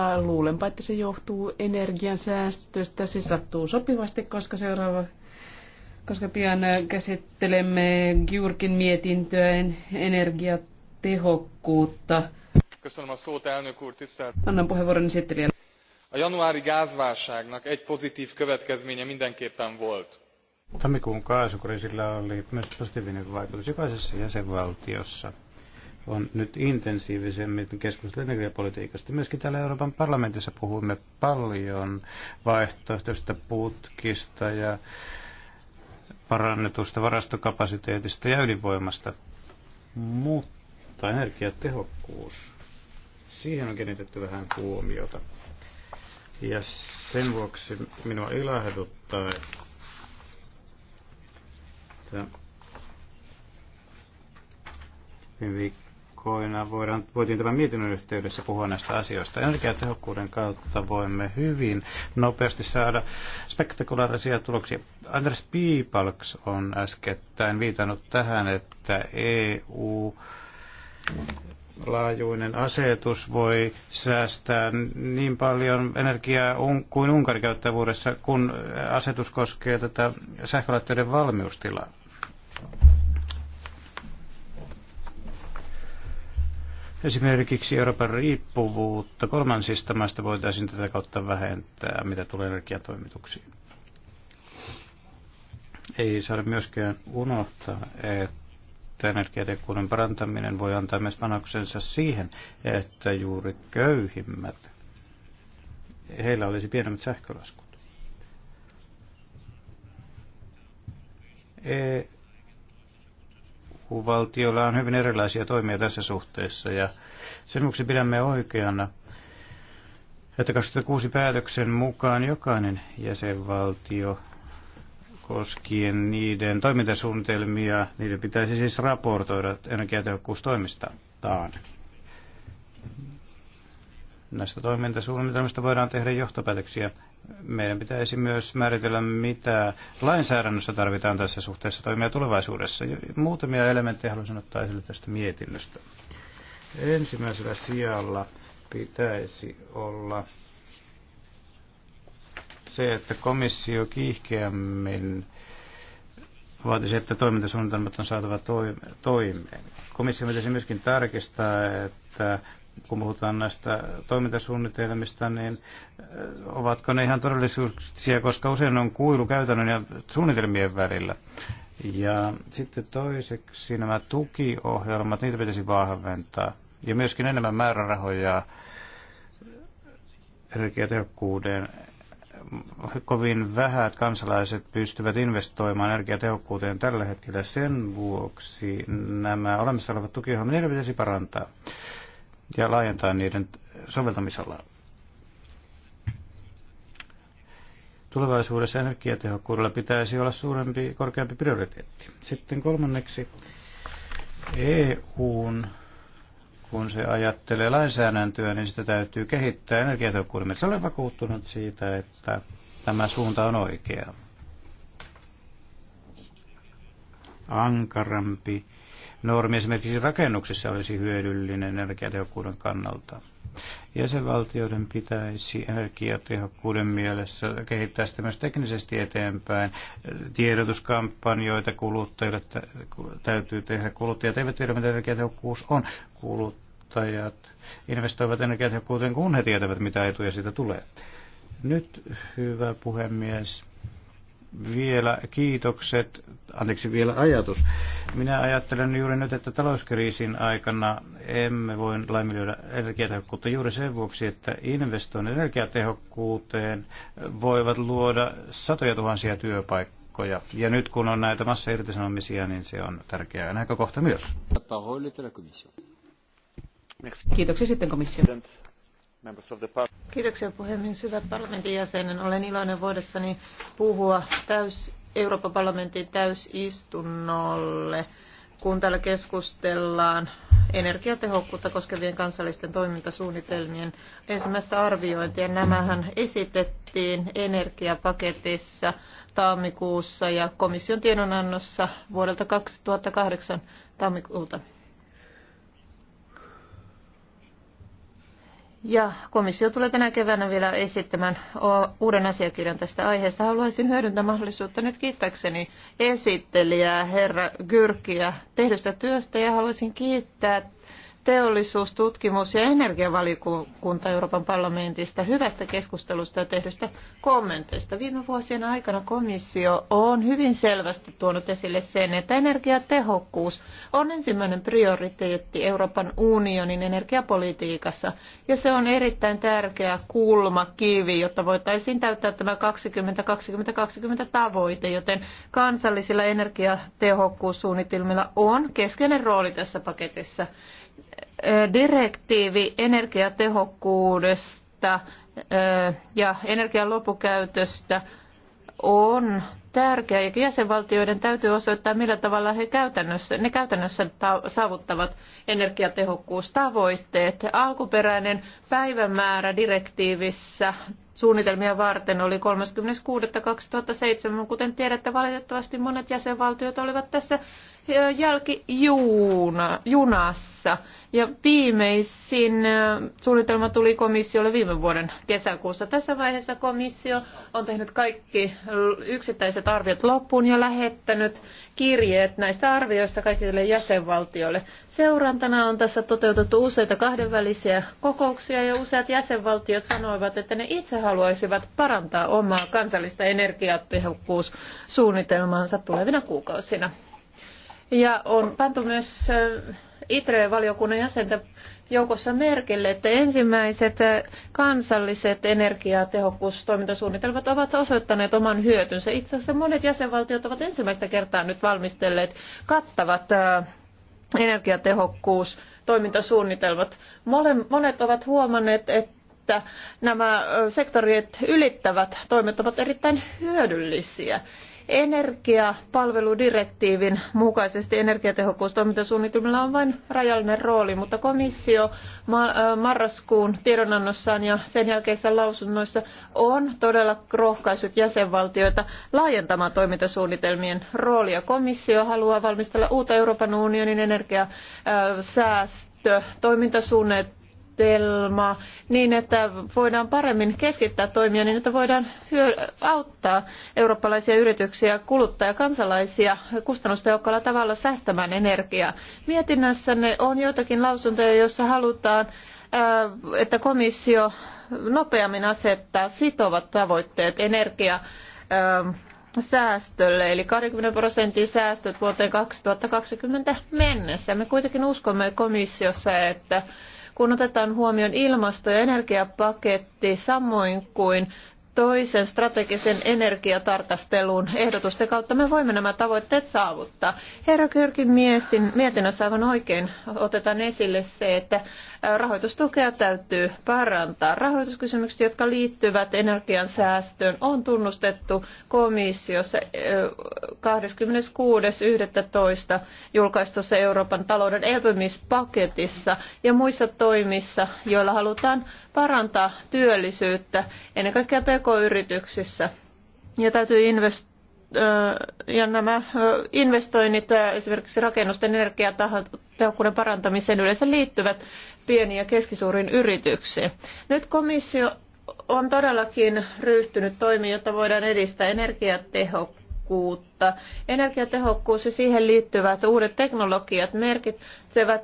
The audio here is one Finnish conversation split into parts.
mutta luulenpa, että se johtuu säästöstä. Se sattuu sopivasti, koska seuraava koska pian käsittelemme Giurkin mietintöä energiatehokkuutta. Köszönöm a szót, elnök úr, tisztelt. Annan puheenvuoron esittelijän. A januári gázválságnak egy pozitív következménye mindenképpen volt. Tammikuun kaasukriisillä oli myös positiivinen vaikutus jokaisessa jäsenvaltiossa on nyt intensiivisemmin keskusteltu energiapolitiikasta. Myöskin täällä Euroopan parlamentissa puhumme paljon vaihtoehtoista putkista ja parannetusta varastokapasiteetista ja ydinvoimasta. Mutta energiatehokkuus, siihen on kiinnitetty vähän huomiota. Ja sen vuoksi minua ilahduttaa, että aikoina voidaan, voitiin tämän mietinnön yhteydessä puhua näistä asioista. Energiatehokkuuden kautta voimme hyvin nopeasti saada spektakulaarisia tuloksia. Anders Piipalks on äskettäin viitannut tähän, että EU laajuinen asetus voi säästää niin paljon energiaa kuin Unkari käyttää vuodessa, kun asetus koskee tätä sähkölaitteiden valmiustilaa. Esimerkiksi Euroopan riippuvuutta kolmansista maista voitaisiin tätä kautta vähentää, mitä tulee energiatoimituksiin. Ei saada myöskään unohtaa, että energiatekuuden parantaminen voi antaa myös panoksensa siihen, että juuri köyhimmät, heillä olisi pienemmät sähkölaskut. E valtiolla on hyvin erilaisia toimia tässä suhteessa ja sen vuoksi pidämme oikeana, että 26 päätöksen mukaan jokainen jäsenvaltio koskien niiden toimintasuunnitelmia, niiden pitäisi siis raportoida energiatehokkuustoimistaan. Näistä toimintasuunnitelmista voidaan tehdä johtopäätöksiä meidän pitäisi myös määritellä, mitä lainsäädännössä tarvitaan tässä suhteessa toimia tulevaisuudessa. Muutamia elementtejä haluaisin ottaa esille tästä mietinnöstä. Ensimmäisellä sijalla pitäisi olla se, että komissio kiihkeämmin vaatisi, että toimintasuunnitelmat on saatava toimeen. Komissio pitäisi myöskin tarkistaa, että kun puhutaan näistä toimintasuunnitelmista, niin äh, ovatko ne ihan todellisuuksia, koska usein on kuilu käytännön ja suunnitelmien välillä. Ja sitten toiseksi nämä tukiohjelmat, niitä pitäisi vahventaa. Ja myöskin enemmän määrärahoja energiatehokkuuden. Kovin vähät kansalaiset pystyvät investoimaan energiatehokkuuteen tällä hetkellä. Sen vuoksi nämä olemassa olevat tukiohjelmat, niitä pitäisi parantaa ja laajentaa niiden soveltamisalaa. Tulevaisuudessa energiatehokkuudella pitäisi olla suurempi, korkeampi prioriteetti. Sitten kolmanneksi EUn, kun se ajattelee lainsäädäntöä, niin sitä täytyy kehittää energiatehokkuuden mielessä. Olen vakuuttunut siitä, että tämä suunta on oikea. Ankarampi normi esimerkiksi rakennuksessa olisi hyödyllinen energiatehokkuuden kannalta. Jäsenvaltioiden pitäisi energiatehokkuuden mielessä kehittää sitä myös teknisesti eteenpäin. Tiedotuskampanjoita kuluttajille täytyy tehdä. Kuluttajat eivät tiedä, mitä energiatehokkuus on. Kuluttajat investoivat energiatehokkuuteen, kun he tietävät, mitä etuja siitä tulee. Nyt, hyvä puhemies, vielä kiitokset, anteeksi vielä ajatus. Minä ajattelen juuri nyt, että talouskriisin aikana emme voi laiminlyödä energiatehokkuutta juuri sen vuoksi, että investoinnit energiatehokkuuteen voivat luoda satoja tuhansia työpaikkoja. Ja nyt kun on näitä massa massa-irtisanomisia, niin se on tärkeää. näkökohta myös. Kiitoksia sitten komissio. Kiitoksia puhemies. Hyvät parlamentin jäsenen. Olen iloinen voidessani puhua täys, Euroopan parlamentin täysistunnolle, kun täällä keskustellaan energiatehokkuutta koskevien kansallisten toimintasuunnitelmien ensimmäistä arviointia. Nämähän esitettiin energiapaketissa tammikuussa ja komission tiedonannossa vuodelta 2008 tammikuuta. Ja komissio tulee tänä keväänä vielä esittämään uuden asiakirjan tästä aiheesta. Haluaisin hyödyntää mahdollisuutta nyt kiittääkseni esittelijää, herra Gyrkiä, tehdystä työstä ja haluaisin kiittää teollisuus, tutkimus ja energiavaliokunta Euroopan parlamentista hyvästä keskustelusta ja tehdystä kommenteista. Viime vuosien aikana komissio on hyvin selvästi tuonut esille sen, että energiatehokkuus on ensimmäinen prioriteetti Euroopan unionin energiapolitiikassa ja se on erittäin tärkeä kulmakivi, jotta voitaisiin täyttää tämä 2020 20 tavoite, joten kansallisilla energiatehokkuussuunnitelmilla on keskeinen rooli tässä paketissa direktiivi energiatehokkuudesta ja energian lopukäytöstä on tärkeä ja jäsenvaltioiden täytyy osoittaa, millä tavalla he käytännössä, ne käytännössä saavuttavat energiatehokkuustavoitteet. Alkuperäinen päivämäärä direktiivissä suunnitelmia varten oli 36.2007, kuten tiedätte, valitettavasti monet jäsenvaltiot olivat tässä jälkijunassa. Ja viimeisin suunnitelma tuli komissiolle viime vuoden kesäkuussa. Tässä vaiheessa komissio on tehnyt kaikki yksittäiset arviot loppuun ja lähettänyt kirjeet näistä arvioista kaikille jäsenvaltioille. Seurantana on tässä toteutettu useita kahdenvälisiä kokouksia ja useat jäsenvaltiot sanoivat, että ne itse haluaisivat parantaa omaa kansallista energiatehokkuussuunnitelmaansa tulevina kuukausina. Ja on pantu myös ITRE-valiokunnan jäsentä joukossa merkille, että ensimmäiset kansalliset energiatehokkuustoimintasuunnitelmat ovat osoittaneet oman hyötynsä. Itse asiassa monet jäsenvaltiot ovat ensimmäistä kertaa nyt valmistelleet kattavat energiatehokkuustoimintasuunnitelmat. Monet ovat huomanneet, että nämä sektorit ylittävät toimet ovat erittäin hyödyllisiä. Energiapalveludirektiivin mukaisesti energiatehokkuustoimintasuunnitelmilla on vain rajallinen rooli, mutta komissio äh, marraskuun tiedonannossaan ja sen jälkeisissä lausunnoissa on todella rohkaissut jäsenvaltioita laajentamaan toimintasuunnitelmien roolia. Komissio haluaa valmistella uutta Euroopan unionin energiasäästöä toimintasuunnitelmaa suunnitelma niin, että voidaan paremmin keskittää toimia niin, että voidaan auttaa eurooppalaisia yrityksiä, kuluttajia, kansalaisia kustannustehokkaalla tavalla säästämään energiaa. Mietinnössänne on joitakin lausuntoja, joissa halutaan, äh, että komissio nopeammin asettaa sitovat tavoitteet energia ähm, säästölle, eli 20 prosentin säästöt vuoteen 2020 mennessä. Me kuitenkin uskomme komissiossa, että kun otetaan huomioon ilmasto- ja energiapaketti samoin kuin toisen strategisen energiatarkastelun ehdotusten kautta me voimme nämä tavoitteet saavuttaa. Herra Kyrkin mietinnössä aivan oikein otetaan esille se, että rahoitustukea täytyy parantaa. Rahoituskysymykset, jotka liittyvät energiansäästöön, on tunnustettu komissiossa 26.11. julkaistussa Euroopan talouden elpymispaketissa ja muissa toimissa, joilla halutaan parantaa työllisyyttä ennen kaikkea pk-yrityksissä. Ja täytyy investoida ja nämä investoinnit esimerkiksi rakennusten energiatehokkuuden parantamiseen yleensä liittyvät pieniin ja keskisuuriin yrityksiin. Nyt komissio on todellakin ryhtynyt toimiin, jotta voidaan edistää energiatehokkuutta energiatehokkuutta. Energiatehokkuus ja siihen liittyvät uudet teknologiat merkitsevät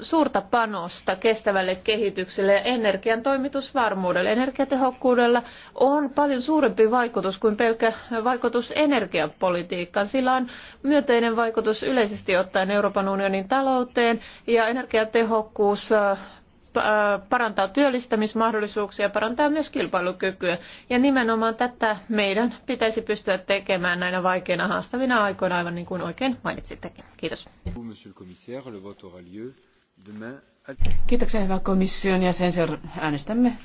suurta panosta kestävälle kehitykselle ja energian toimitusvarmuudelle. Energiatehokkuudella on paljon suurempi vaikutus kuin pelkä vaikutus energiapolitiikkaan. Sillä on myönteinen vaikutus yleisesti ottaen Euroopan unionin talouteen ja energiatehokkuus parantaa työllistämismahdollisuuksia, parantaa myös kilpailukykyä. Ja nimenomaan tätä meidän pitäisi pystyä tekemään näinä vaikeina haastavina aikoina, aivan niin kuin oikein mainitsittekin. Kiitos. Kiitoksia hyvä komission ja sen äänestämme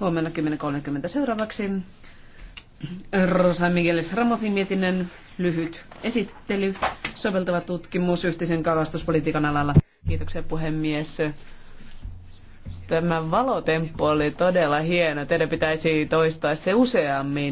huomenna 10.30 seuraavaksi. Rosa Migueles Ramofin mietinnön lyhyt esittely, soveltava tutkimus yhteisen kalastuspolitiikan alalla. Kiitoksia puhemies. Tämä valotemppu oli todella hieno. Teidän pitäisi toistaa se useammin.